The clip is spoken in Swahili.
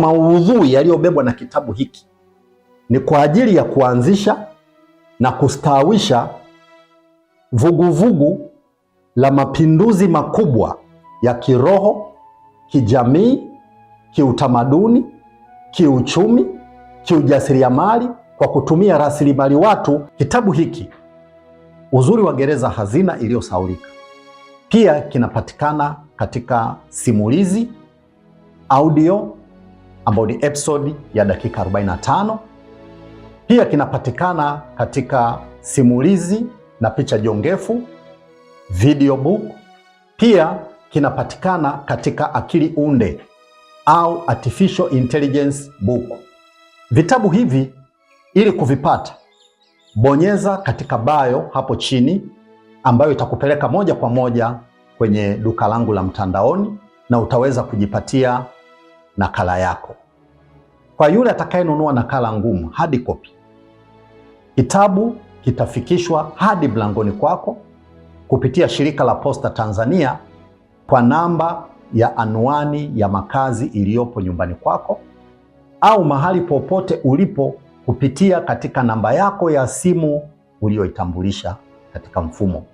Maudhui yaliyobebwa na kitabu hiki ni kwa ajili ya kuanzisha na kustawisha vuguvugu vugu la mapinduzi makubwa ya kiroho, kijamii, kiutamaduni, kiuchumi, kiujasiriamali kwa kutumia rasilimali watu. Kitabu hiki Uzuri wa Gereza, Hazina Iliyosahaulika, pia kinapatikana katika simulizi audio ambayo ni episodi ya dakika 45. Pia kinapatikana katika simulizi na picha jongefu video book. Pia kinapatikana katika akili unde au artificial intelligence book. Vitabu hivi ili kuvipata, bonyeza katika bio hapo chini, ambayo itakupeleka moja kwa moja kwenye duka langu la mtandaoni na utaweza kujipatia nakala yako. Kwa yule atakayenunua nakala ngumu, hard copy, kitabu kitafikishwa hadi mlangoni kwako kupitia shirika la Posta Tanzania kwa namba ya anwani ya makazi iliyopo nyumbani kwako au mahali popote ulipo kupitia katika namba yako ya simu uliyoitambulisha katika mfumo.